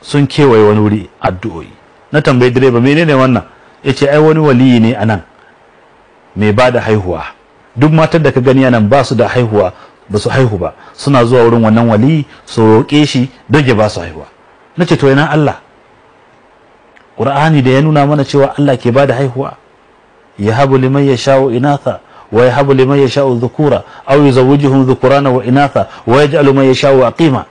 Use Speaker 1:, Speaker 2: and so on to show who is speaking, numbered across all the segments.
Speaker 1: sun kewaye wani wuri addu'o'i na tambayi direba menene wannan ya ce ai wani waliyi ne a nan mai ba da haihuwa duk matar da ka gani anan ba su da haihuwa ba su haihu ba suna zuwa wurin wannan waliyi su roƙe shi don ya ba su haihuwa na ce to yana Allah Qur'ani da ya nuna mana cewa Allah ke ba da haihuwa ya habu liman ya sha'u inatha wa ya habu liman ya sha'u dhukura aw yuzawwijuhum dhukurana wa inatha wa yaj'alu man ya sha'u aqima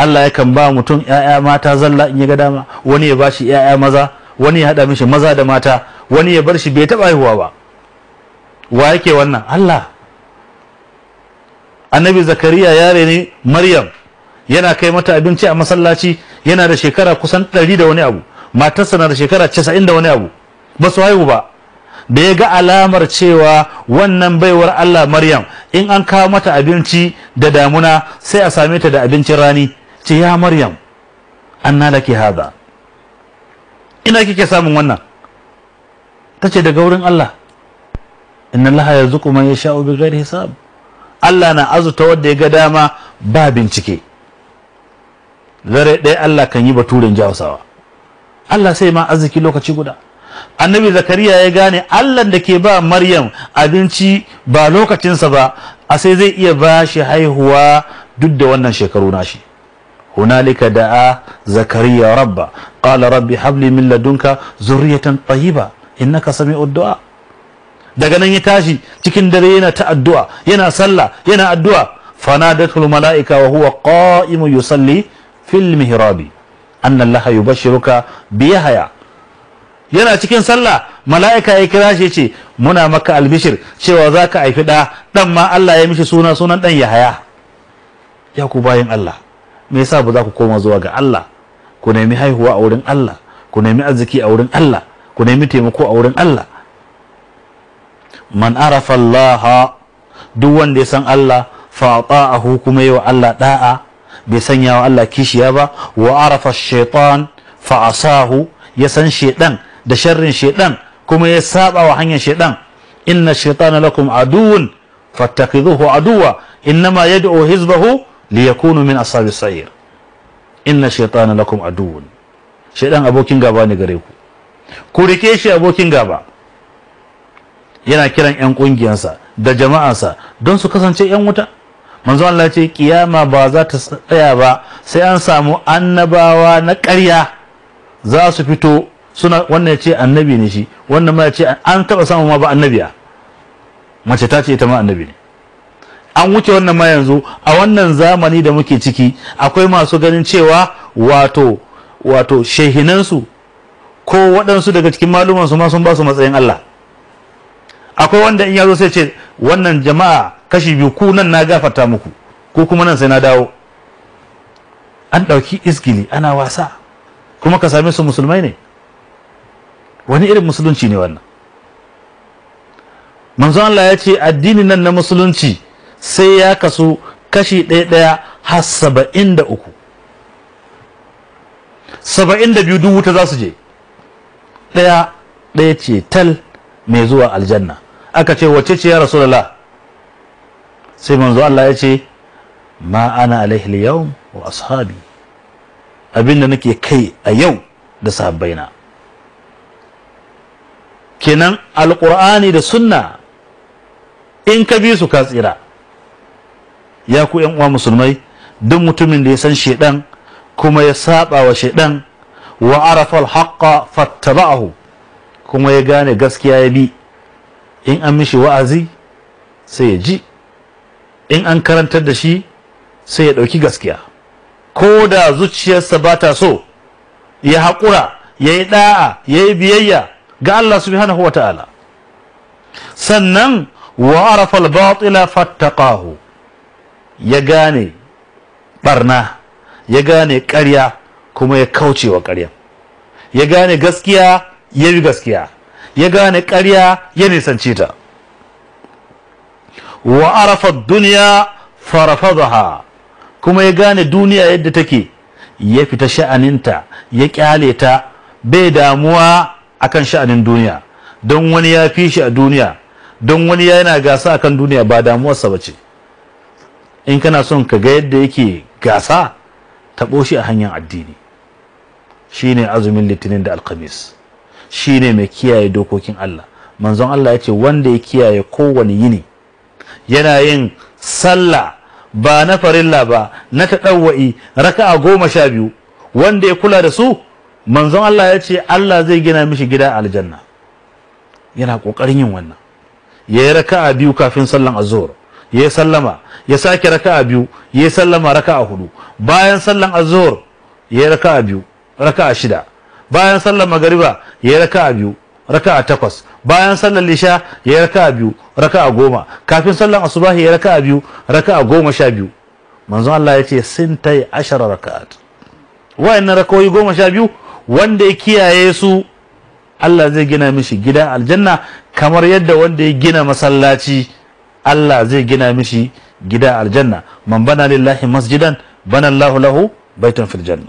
Speaker 1: Allah yakan ba mutum yaya mata zalla in ya ga dama wani ya bashi yaya maza wani ya hada mishi maza da mata wani ya bar shi bai taba haihuwa ba wa yake wannan Allah annabi zakariya yare ne maryam yana kai mata abinci a masallaci yana da shekara kusan ɗari da wani abu matarsa na da shekara casa'in da wani abu ba su haihu ba da ya ga alamar cewa wannan baiwar Allah Maryam in an kawo mata abinci da damuna sai a same ta da abincin rani ce ya maryam anna laki hada ina kike samun wannan tace daga wurin Allah inna Allah yarzuqu man yasha'u bighairi hisab Allah na azuta wanda ya ga dama ba bincike zare ɗaya Allah kan yi baturen jawsawa Allah sai ma arziki lokaci guda annabi zakariya ya gane Allah da ke ba maryam abinci ba lokacinsa ba a sai zai iya ba shi haihuwa duk da wannan shekaru nashi هنالك دعا زكريا ربه قال ربي هب لي من لدنك ذرية طيبة إنك سميع الدعاء daga nan ya tashi cikin dare yana ta addu'a yana sallah yana addu'a fanadatul mala'ika wa huwa qa'imu yusalli fil mihrabi anna Allah yubashshiruka bi yahya yana cikin sallah mala'ika ya kira shi ce muna maka albishir cewa zaka haifi da dan ma Allah ya mishi suna sunan dan yahya ya ku bayin Allah me yasa ba za ku koma zuwa ga Allah ku nemi haihuwa a wurin Allah ku nemi arziki a wurin Allah ku nemi taimako a wurin Allah man arafa Allah duk wanda ya san Allah fa ta'ahu kuma yi wa Allah da'a bai sanya wa Allah kishiya ba wa arafa shaitan fa asahu ya san shaidan da sharrin shaidan kuma ya saba wa hanyar shaidan inna shaitana lakum aduwwun fattakhidhuhu aduwwa innama yad'u hizbahu liyakunu min ashabis sa'ir inna shaytana lakum aduwwun shaydan abokin gaba ne gare ku ku rike shi abokin gaba yana kiran yan kungiyansa da jama'ansa don su kasance yan wuta manzo Allah ce kiyama ba za ta tsaya ba sai an samu annabawa na ƙarya za su fito suna wannan ce annabi ne shi wannan ma ce an taba samu ma ba annabiya mace ta ce ita ma annabi ne an wuce wannan ma yanzu a wannan zamani da muke ciki akwai masu ganin cewa wato wato shehinansu ko waɗansu daga cikin malumansu ma sun ba su matsayin Allah akwai wanda in yazo sai ce wannan jama'a kashi biyu ku nan na gafarta muku ko kuma nan sai na dawo an ɗauki iskili ana wasa kuma ka same su musulmai ne wani irin musulunci ne wannan manzon Allah ya ce addini nan na musulunci sai ya kasu kashi ɗaya ɗaya har saba'in da uku saba'in da biyu duk wuta za su je ɗaya ɗaya ce tal mai zuwa aljanna aka ce wace ce ya rasulullah sai manzo Allah ya ce ma ana alaihi yau wa ashabi abinda nake kai a yau da sahabbaina kenan alqur'ani da sunna in ka bi su ka tsira ya ku yan uwa musulmai duk mutumin da ya san shedan kuma ya saba wa shedan wa arafa haqqa fattaba'ahu kuma ya gane gaskiya ya bi in an mishi wa'azi sai ya ji in an karantar da shi sai ya ɗauki gaskiya ko da zuciyarsa ba ta so ya haƙura ya yi ɗa'a ya yi biyayya ga Allah subhanahu wa ta'ala sannan wa arafa batila fattaqahu ya gane barna ya gane ƙarya kuma ya kauce wa ƙarya ya gane gaskiya ya yi gaskiya ya gane karya ya nisanci ta wa arafa duniya farafadaha kuma ya gane duniya yadda take ya fita sha'aninta ya kyale ta bai damuwa akan sha'anin duniya don wani ya fi shi a duniya don wani yana gasa akan duniya ba damuwarsa ba ce in kana son ka ga yadda yake gasa taɓo shi a hanyar addini Shi ne azumin litinin da alkhamis ne mai kiyaye dokokin Allah manzon Allah ya ce wanda ya kiyaye kowane yini yana yin sallah ba na farilla ba na taɗawwa'i a goma sha biyu wanda ya kula da su manzon Allah ya ce Allah zai gina mishi gida a aljanna yana ƙoƙarin yin wannan ya yi raka a biyu kafin sallan azur ya sallama ya sake raka a biyu ya sallama raka a hudu bayan sallan azhur ya raka a biyu raka a shida bayan sallan magariba ya raka a biyu raka a takwas bayan sallan lisha ya raka a biyu raka a goma kafin sallan asubahi ya raka a biyu raka a goma sha biyu manzon Allah ya ce sun ta yi ashara raka'at wayannan rakawoyi goma sha biyu wanda ya kiyaye su Allah zai gina mishi gidan aljanna kamar yadda wanda ya gina masallaci Allah zai gina mishi gida aljanna man bana lillahi masjidan bana Allahu lahu baitun fil janna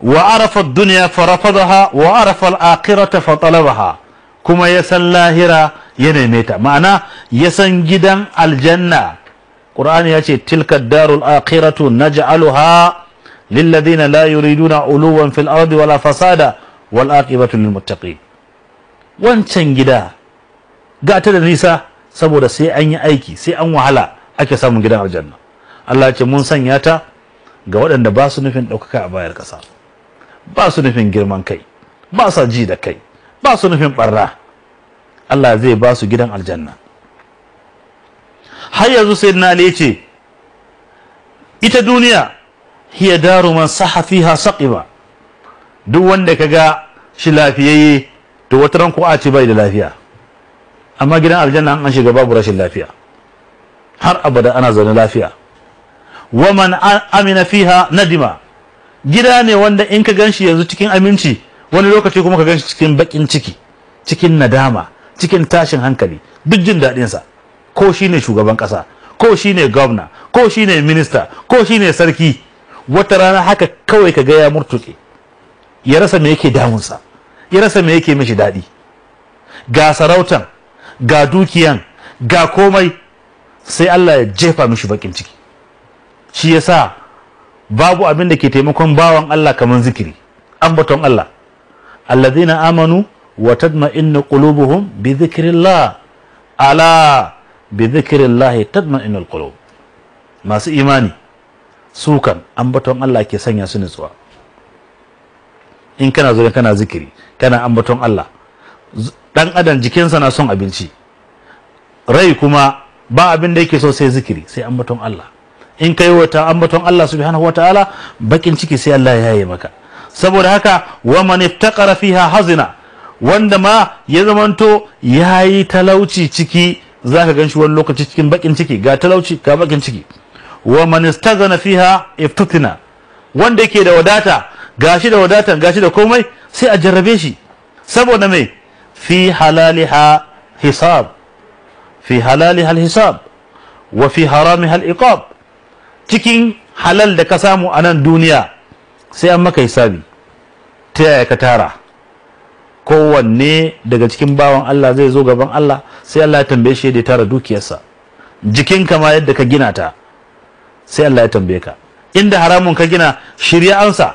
Speaker 1: wa arafa dunya farafadaha wa arafa al-akhirata fatalabaha kuma ya san lahira ya neme ta ma'ana ya san gidan aljanna qur'ani ya ce tilka darul akhiratu naj'aluha lilladhina la yuriduna uluwan fil ardi wala fasada wal aqibatu lil muttaqin wancan gida ga ta da nisa saboda sai an yi aiki sai an wahala ake samun gidan aljanna Allah ce mun sanya ta ga waɗanda ba su nufin ɗaukaka a bayar ƙasa ba su nufin girman kai ba sa ji da kai ba su nufin ɓarra. Allah zai ba su gidan aljanna har yanzu sai na ce ita duniya hiya daru man saha fiha saqiba duk wanda kaga shi lafiyayye to wata ran ko a ce bai da lafiya amma gidan aljanna an shiga babu rashin lafiya har abada ana zaune lafiya waman amina fiha nadima gida ne wanda in ka ganshi yanzu cikin aminci wani lokaci kuma ka ganshi cikin bakin ciki cikin nadama cikin tashin hankali duk jin sa ko shine shugaban ƙasa ko shine gwamna ko shine minista ko shine sarki wata rana haka kawai ka ga ya murtuke ya rasa me yake damunsa ya rasa me yake mishi daɗi ga sarautan ga dukiyan ga komai sai Allah ya jefa mishi bakin ciki shi yasa babu abin da ke taimakon bawan Allah kamar zikiri ambaton Allah allazina amanu wa inna qulubuhum bi dhikrillah ala bi dhikrillah tadma'innu alqulub masu imani sukan ambaton Allah ke sanya su nutsuwa in kana zuri kana zikiri kana ambaton Allah dan adam jikinsa na son abinci rai kuma ba abin da yake so sai zikiri sai ambaton Allah in kai wata ambaton Allah subhanahu wataala bakin ciki sai Allah ya yaye maka saboda haka wa man iftaqara fiha hazina wanda ma ya zamanto yayi talauci ciki zaka ganshi wani lokaci cikin bakin ciki ga talauci ga bakin ciki wa man istaghna fiha iftutina wanda yake da wadata gashi da wadatan gashi da komai sai a jarrabe shi saboda mai في حلالها حساب في حلالها الحساب وفي حرامها العقاب cikin halal da ka samu a nan duniya sai an maka hisabi ta yaya ka tara kowanne daga cikin bawan Allah zai zo gaban Allah sai Allah ya tambaye shi da ya tara dukiyarsa jikinka ma yadda ka gina ta sai Allah ya tambaye ka inda haramun ka gina shirya ansa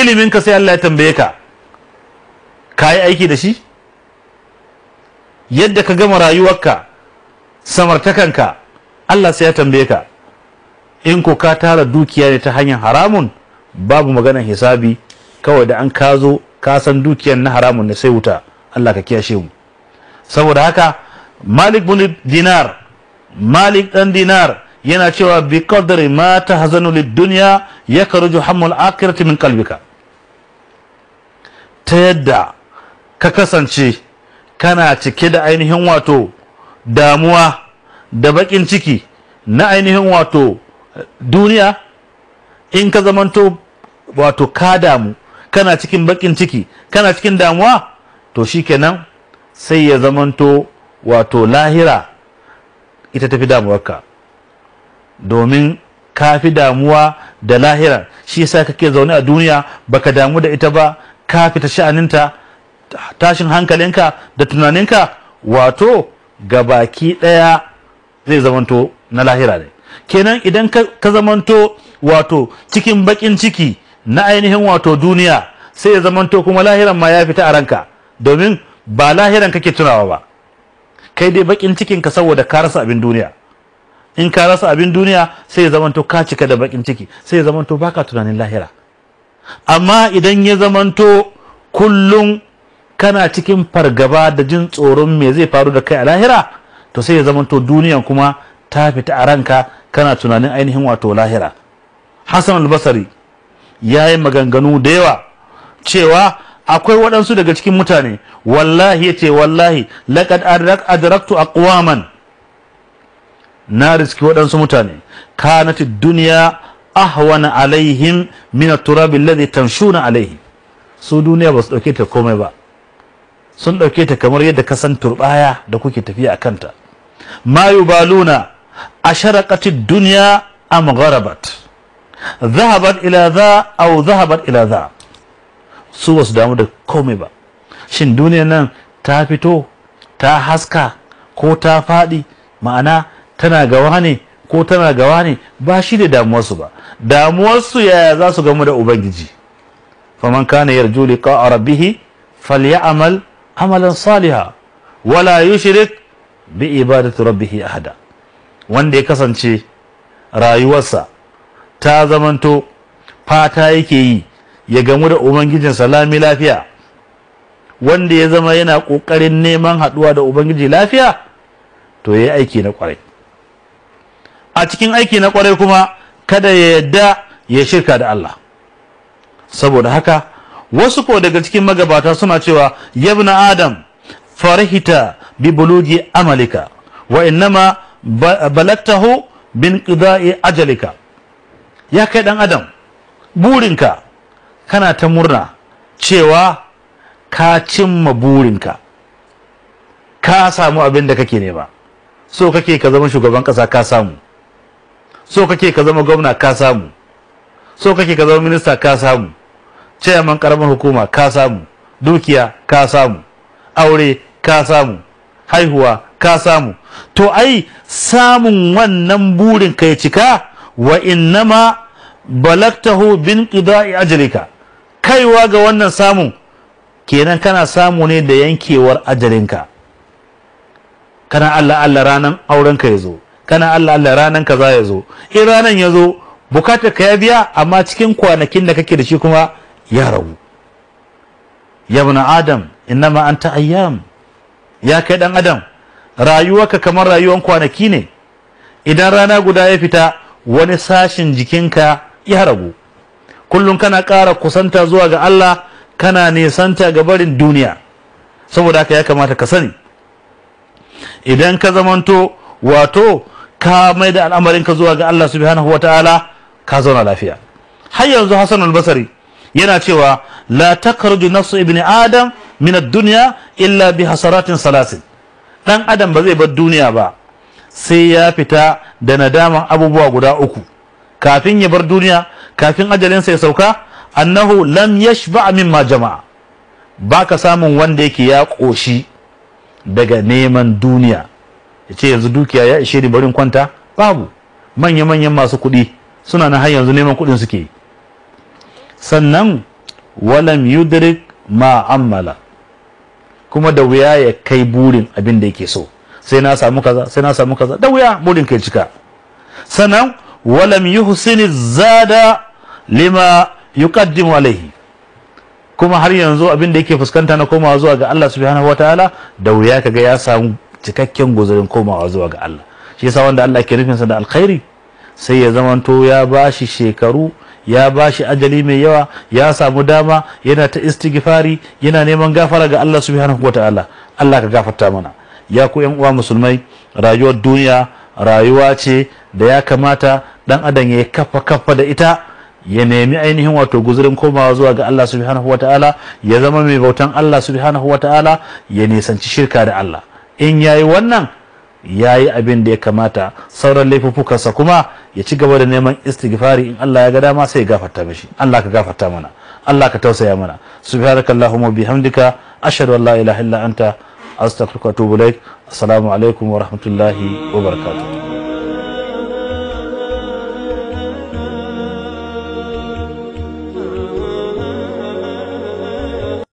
Speaker 1: iliminka sai Allah ya tambaye ka ka yi aiki da shi yadda ka gama rayuwarka samartakanka Allah sai ya tambaye ka in ko ka tara dukiya ne ta hanyar haramun babu maganar hisabi kawai da an ka zo ka san dukiyar na haramun ne sai wuta Allah ka kiyashe mu saboda haka Malik bin Dinar Malik dan Dinar yana cewa bi qadri ma tahzanu lid dunya yakruju hamul akhirati min qalbika ta yadda ka kasance kana cike da ainihin wato damuwa da bakin ciki na ainihin wato duniya in ka zamanto wato ka damu kana cikin bakin ciki kana cikin damuwa to shikenan sai ya zamanto wato lahira ita tafi damuwarka domin ka fi damuwa da lahira shi yasa kake zaune a duniya baka damu da ita ba ka fita sha'aninta tashin hankalinka da tunaninka wato ga baki ɗaya zai zamanto na lahira ne kenan idan ka zamanto wato cikin bakin ciki na ainihin wato duniya sai ya zamanto kuma lahiran ma ya fita a ranka domin ba lahiran kake tunawa ba kai dai bakin cikin ka saboda ka rasa abin duniya in ka rasa abin duniya sai ya zamanto ka cika da bakin ciki sai ya zamanto baka tunanin lahira amma idan ya zamanto kullum kana cikin fargaba da jin tsoron me zai faru da kai a lahira to sai ya zamanto duniya kuma ta fita a ranka kana tunanin ainihin wato lahira hassan albasari ya yi maganganu da yawa cewa akwai waɗansu daga cikin mutane wallahi ya ce wallahi laƙad adraktu aqwaman na riski waɗansu mutane kanati duniya ahwana alaihim min turabi alladhi tamshuna alaihi su duniya ba su ɗauke ta komai ba sun ɗauke ta kamar yadda ka san turɓaya da kuke tafiya a kanta ma baluna asharaqatid duniya am gharabat dhahabat ila dha aw dhahabat ila dha su basu damu da komai ba shin duniya nan ta fito ta haska ko ta faɗi ma'ana tana gawa ne ko tana gawa ne ba shi da damuwarsu ba damuwarsu yaya za su gamu da ubangiji faman kana yarju liqa rabbih falyamal amalan saliha wala yushrik bi ibadati rabbih ahada wanda ya kasance rayuwarsa ta zamanto fata yake yi ya gamu da ubangijin salami lafiya wanda ya zama yana kokarin neman haduwa da ubangiji lafiya to yayi aiki na kwarai a cikin aiki na kwarai kuma kada ya yadda ya shirka da Allah saboda haka wasu ko daga cikin magabata suna cewa yabna adam farhita bi buluji amalika wa innama balagtahu bin qida'i ajalika ya kai dan adam burinka kana ta murna cewa ka cimma burinka ka samu abin da kake nema so kake ka zama shugaban kasa ka samu so kake ka zama gwamna ka samu so kake ka zama minista ka samu ceyaman karamar hukuma ka samu dukiya ka samu aure ka samu haihuwa ka samu to ai samun wannan burin ka ya cika wa innama balaktahu bin qida'i ajalika kaiwa ga wannan samun kenan kana samu ne da yankewar ajalinka kana Allah Allah ranan auren ya zo kana Allah Allah ranan kaza ya zo in ranan ya zo bukatar ka ya biya amma cikin kwanakin da kake da shi kuma ya ragu ya ibn adam innama anta ayyam ya kai dan adam rayuwarka kamar rayuwar kwanaki ne idan rana guda ya fita wani sashin jikinka ya ragu kullum kana ƙara kusanta zuwa ga Allah kana nisanta ga barin duniya saboda haka ya kamata ka sani idan ka zamanto wato ka mai da al'amarinka zuwa ga Allah subhanahu wa ta'ala ka zauna lafiya har yanzu Hassan Basari. yana cewa la takarju nafsu ibn adam min ad-dunya illa bi hasaratin salasin dan adam ba zai bar duniya ba sai ya fita da nadama abubuwa guda uku kafin ya bar duniya kafin ajalinsa ya sauka annahu lam yashba ma jama'a baka samun wanda yake ya koshi daga neman duniya ya ce yanzu dukiya ya ishe ni barin kwanta babu manya-manyan masu kuɗi suna na har yanzu neman kuɗin suke yi sannan walam yudrik ma ammala kuma da wuya ya kai burin abin da yake so sai na samu kaza sai na samu kaza da wuya burin kai cika sannan walam yuhsini zada lima yuqaddimu alayhi kuma har yanzu abin da yake fuskanta na komawa zuwa ga Allah subhanahu wataala da wuya kaga ya samu cikakken gozarin komawa zuwa ga Allah shi yasa wanda Allah ke nufin sa da alkhairi sai ya zamanto ya bashi shekaru ya ba shi ajali mai yawa ya samu dama yana ta istighfari yana neman gafara ga Allah subhanahu wataala Allah ka gafarta mana ya ku yan uwa musulmai rayuwar duniya rayuwa ce da ya kamata dan adam ya kafa kafa da ita ya nemi ainihin wato guzurin komawa zuwa ga Allah subhanahu wataala ya zama mai bautan Allah subhanahu wataala ya nisanci shirka da Allah in yayi wannan ya yi abin da ya kamata sauran laifuffukansa kuma ya ci gaba da neman istighfari in Allah ya ga dama sai ya gafarta mishi Allah ka gafarta mana Allah ka tausaya mana subhanakallahumma bihamdika ashhadu an la ilaha illa anta astaghfiruka wa atubu ilaik assalamu alaikum wa rahmatullahi wa barakatuh